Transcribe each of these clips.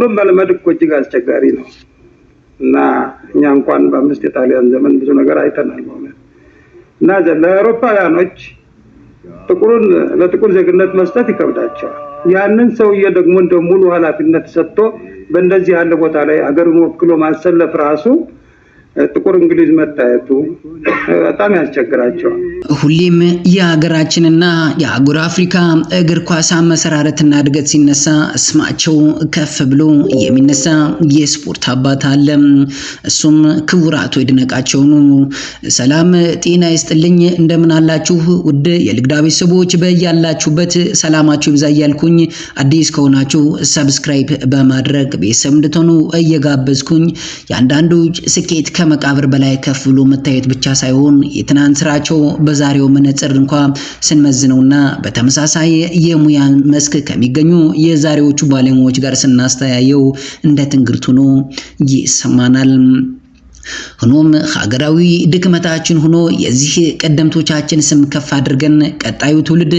ሁሉም መልመድ እኮ እጅግ አስቸጋሪ ነው እና እኛ እንኳን በአምስት የጣሊያን ዘመን ብዙ ነገር አይተናል እና ለአውሮፓውያኖች ጥቁሩን ለጥቁር ዜግነት መስጠት ይከብዳቸዋል። ያንን ሰውዬ ደግሞ እንደ ሙሉ ኃላፊነት ሰጥቶ በእንደዚህ ያለ ቦታ ላይ አገርን ወክሎ ማሰለፍ ራሱ ጥቁር እንግሊዝ መታየቱ በጣም ያስቸግራቸዋል። ሁሌም የሀገራችንና የአህጉረ አፍሪካ እግር ኳስ መሰራረትና እድገት ሲነሳ ስማቸው ከፍ ብሎ የሚነሳ የስፖርት አባት አለ። እሱም ክቡራቱ ይድነቃቸው ነው። ሰላም ጤና ይስጥልኝ። እንደምን አላችሁ ውድ የልግዳ ቤተሰቦች፣ በያላችሁበት ሰላማችሁ ይብዛ እያልኩኝ አዲስ ከሆናችሁ ሰብስክራይብ በማድረግ ቤተሰብ እንድትሆኑ እየጋበዝኩኝ የአንዳንዶች ስኬት ከመቃብር በላይ ከፍ ብሎ መታየት ብቻ ሳይሆን የትናንት ስራቸው በዛሬው መነጽር እንኳ ስንመዝነውና በተመሳሳይ የሙያ መስክ ከሚገኙ የዛሬዎቹ ባለሙያዎች ጋር ስናስተያየው እንደ ትንግርቱ ነው ይሰማናል። ሆኖም ሀገራዊ ድክመታችን ሆኖ የዚህ ቀደምቶቻችን ስም ከፍ አድርገን ቀጣዩ ትውልድ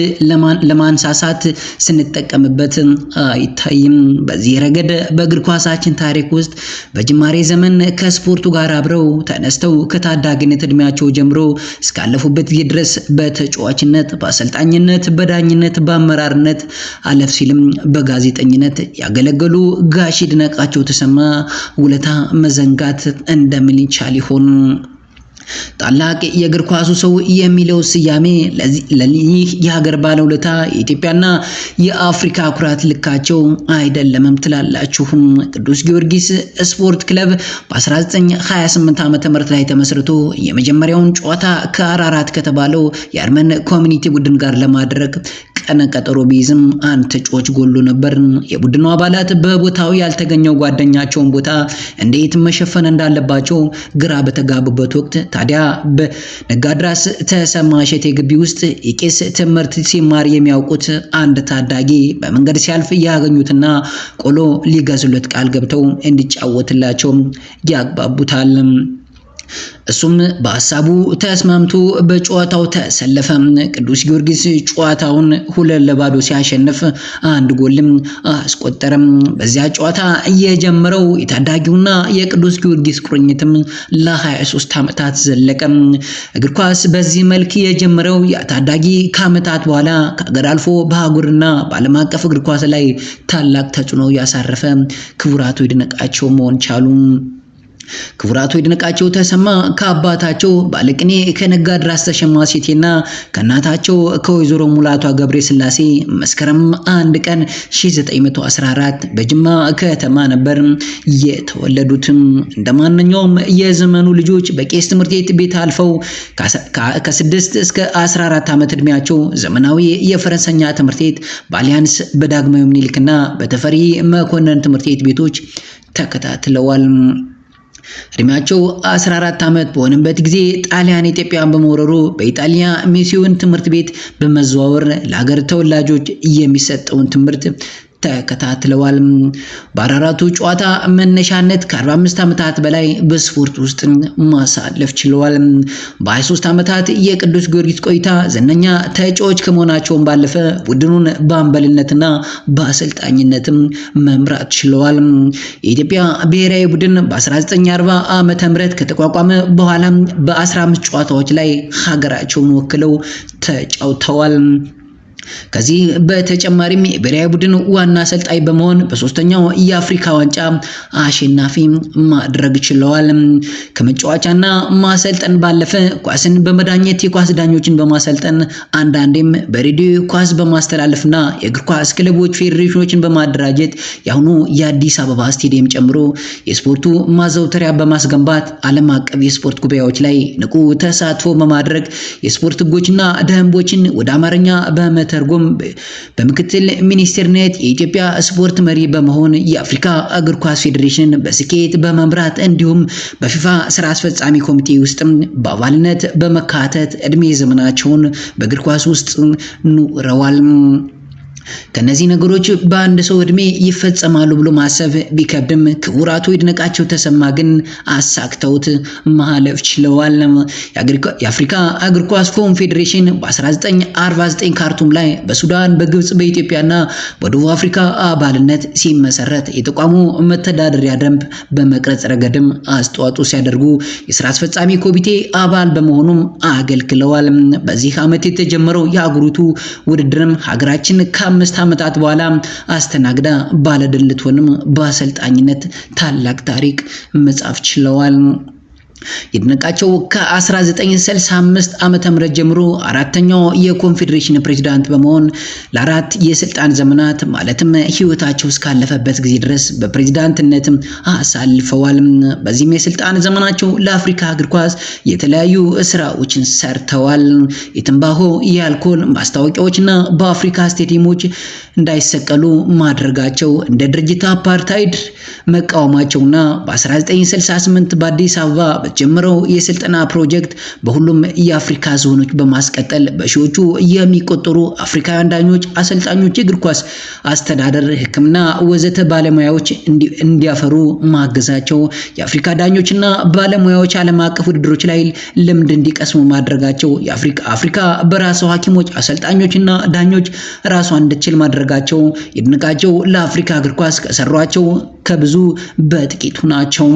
ለማንሳሳት ስንጠቀምበት አይታይም። በዚህ ረገድ በእግር ኳሳችን ታሪክ ውስጥ በጅማሬ ዘመን ከስፖርቱ ጋር አብረው ተነስተው ከታዳጊነት እድሜያቸው ጀምሮ እስካለፉበት ጊዜ ድረስ በተጫዋችነት፣ በአሰልጣኝነት፣ በዳኝነት፣ በአመራርነት አለፍ ሲልም በጋዜጠኝነት ያገለገሉ ጋሽ ይድነቃቸው ተሰማ ውለታ መዘንጋት እንደምን ኒቻ ሊሆን ታላቅ የእግር ኳሱ ሰው የሚለው ስያሜ ለዚህ የሀገር ባለውለታ የኢትዮጵያና የአፍሪካ ኩራት ልካቸው አይደለምም ትላላችሁ። ቅዱስ ጊዮርጊስ ስፖርት ክለብ በ1928 ዓ ም ላይ ተመስርቶ የመጀመሪያውን ጨዋታ ከአራራት ከተባለው የአርመን ኮሚኒቲ ቡድን ጋር ለማድረግ ቀነ ቀጠሮ ቢይዝም አንድ ተጫዋች ጎሎ ነበር። የቡድኑ አባላት በቦታው ያልተገኘው ጓደኛቸውን ቦታ እንዴት መሸፈን እንዳለባቸው ግራ በተጋቡበት ወቅት ታዲያ በነጋድራስ ተሰማ እሸቴ ግቢ ውስጥ የቄስ ትምህርት ሲማር የሚያውቁት አንድ ታዳጊ በመንገድ ሲያልፍ ያገኙትና ቆሎ ሊገዙለት ቃል ገብተው እንዲጫወትላቸው ያግባቡታል። እሱም በሀሳቡ ተስማምቶ በጨዋታው ተሰለፈ። ቅዱስ ጊዮርጊስ ጨዋታውን ሁለት ለባዶ ሲያሸንፍ አንድ ጎልም አስቆጠረም። በዚያ ጨዋታ የጀመረው የታዳጊውና የቅዱስ ጊዮርጊስ ቁርኝትም ለ23 ዓመታት ዘለቀ። እግር ኳስ በዚህ መልክ የጀመረው ታዳጊ ከዓመታት በኋላ ከሀገር አልፎ በአህጉርና በዓለም አቀፍ እግር ኳስ ላይ ታላቅ ተጽዕኖ ያሳረፈ ክቡራቱ ይድነቃቸው መሆን ቻሉ። ክቡራቱ ይድነቃቸው ተሰማ ከአባታቸው ባለቅኔ ከነጋ ድራስ ተሸማ ሴቴና ከእናታቸው ከወይዘሮ ሙላቷ ገብረ ስላሴ መስከረም አንድ ቀን 1914 በጅማ ከተማ ነበር የተወለዱትም። እንደ ማንኛውም የዘመኑ ልጆች በቄስ ትምህርት ቤት ቤት አልፈው ከስድስት እስከ 14 ዓመት ዕድሜያቸው ዘመናዊ የፈረንሰኛ ትምህርት ቤት በአሊያንስ በዳግማዊ ምኒልክና በተፈሪ መኮንን ትምህርት ቤት ቤቶች ተከታትለዋል። እድሜያቸው 14 ዓመት በሆነበት ጊዜ ጣሊያን ኢትዮጵያን በመውረሩ በኢጣሊያ ሚስዮን ትምህርት ቤት በመዘዋወር ለሀገር ተወላጆች የሚሰጠውን ትምህርት ተከታትለዋል። በአራራቱ ጨዋታ መነሻነት ከ45 ዓመታት በላይ በስፖርት ውስጥ ማሳለፍ ችለዋል። በ23 ዓመታት የቅዱስ ጊዮርጊስ ቆይታ ዝነኛ ተጫዎች ከመሆናቸውን ባለፈ ቡድኑን በአምበልነትና በአሰልጣኝነትም መምራት ችለዋል። የኢትዮጵያ ብሔራዊ ቡድን በ1940 ዓመተ ምህረት ከተቋቋመ በኋላ በ15 ጨዋታዎች ላይ ሀገራቸውን ወክለው ተጫውተዋል። ከዚህ በተጨማሪም የብሔራዊ ቡድን ዋና አሰልጣኝ በመሆን በሶስተኛው የአፍሪካ ዋንጫ አሸናፊ ማድረግ ችለዋል። ከመጫወቻና ማሰልጠን ባለፈ ኳስን በመዳኘት የኳስ ዳኞችን በማሰልጠን አንዳንዴም በሬዲዮ ኳስ በማስተላለፍና የእግር ኳስ ክለቦች ፌዴሬሽኖችን በማደራጀት የአሁኑ የአዲስ አበባ ስቴዲየም ጨምሮ የስፖርቱ ማዘውተሪያ በማስገንባት ዓለም አቀፍ የስፖርት ጉባኤዎች ላይ ንቁ ተሳትፎ በማድረግ የስፖርት ህጎችና ደንቦችን ወደ አማርኛ በመ በመተርጎም በምክትል ሚኒስትርነት የኢትዮጵያ ስፖርት መሪ በመሆን የአፍሪካ እግር ኳስ ፌዴሬሽን በስኬት በመምራት እንዲሁም በፊፋ ስራ አስፈጻሚ ኮሚቴ ውስጥም በአባልነት በመካተት እድሜ ዘመናቸውን በእግር ኳስ ውስጥ ኑረዋል። ከነዚህ ነገሮች በአንድ ሰው እድሜ ይፈጸማሉ ብሎ ማሰብ ቢከብድም ክቡራቱ ይድነቃቸው ተሰማ ግን አሳክተውት ማለፍ ችለዋል። የአፍሪካ እግር ኳስ ኮንፌዴሬሽን በ1949 ካርቱም ላይ በሱዳን፣ በግብፅ፣ በኢትዮጵያና በደቡብ አፍሪካ አባልነት ሲመሰረት የተቋሙ መተዳደሪያ ደንብ በመቅረጽ ረገድም አስተዋጽኦ ሲያደርጉ የስራ አስፈጻሚ ኮሚቴ አባል በመሆኑም አገልግለዋል። በዚህ ዓመት የተጀመረው የአህጉሪቱ ውድድርም ሀገራችን ከአምስት ዓመታት በኋላ አስተናግዳ ባለድል ልትሆንም በአሰልጣኝነት ታላቅ ታሪክ መጻፍ ችለዋል። የድነቃቸው ከ1965 ዓ ም ጀምሮ አራተኛው የኮንፌዴሬሽን ፕሬዚዳንት በመሆን ለአራት የስልጣን ዘመናት ማለትም ህይወታቸው እስካለፈበት ጊዜ ድረስ በፕሬዚዳንትነት አሳልፈዋል። በዚህም የስልጣን ዘመናቸው ለአፍሪካ እግር ኳስ የተለያዩ ስራዎችን ሰርተዋል። የትንባሆ፣ የአልኮል ማስታወቂያዎችና በአፍሪካ ስቴዲየሞች እንዳይሰቀሉ ማድረጋቸው፣ እንደ ድርጅት አፓርታይድ መቃወማቸውና በ1968 በአዲስ አበባ ጀምረው የስልጠና ፕሮጀክት በሁሉም የአፍሪካ ዞኖች በማስቀጠል በሺዎቹ የሚቆጠሩ አፍሪካውያን ዳኞች፣ አሰልጣኞች፣ የእግር ኳስ አስተዳደር፣ ሕክምና ወዘተ ባለሙያዎች እንዲያፈሩ ማገዛቸው የአፍሪካ ዳኞችና ባለሙያዎች ዓለም አቀፍ ውድድሮች ላይ ልምድ እንዲቀስሙ ማድረጋቸው የአፍሪካ አፍሪካ በራሷ ሐኪሞች፣ አሰልጣኞችና ዳኞች ራሷን እንድትችል ማድረጋቸው ይድንቃቸው ለአፍሪካ እግር ኳስ ከሰሯቸው ከብዙ በጥቂቱ ናቸው።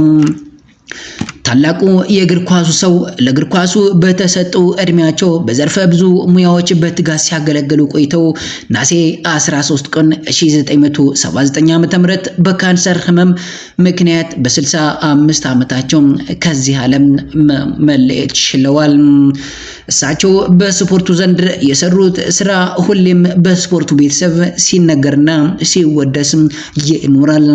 ታላቁ የእግር ኳሱ ሰው ለእግር ኳሱ በተሰጠው እድሜያቸው በዘርፈ ብዙ ሙያዎች በትጋት ሲያገለግሉ ቆይተው ናሴ 13 ቀን 1979 ዓ.ም በካንሰር ህመም ምክንያት በ65 ዓመታቸው ከዚህ ዓለም መለየት ችለዋል። እሳቸው በስፖርቱ ዘንድ የሰሩት ስራ ሁሌም በስፖርቱ ቤተሰብ ሲነገርና ሲወደስም ይኖራል።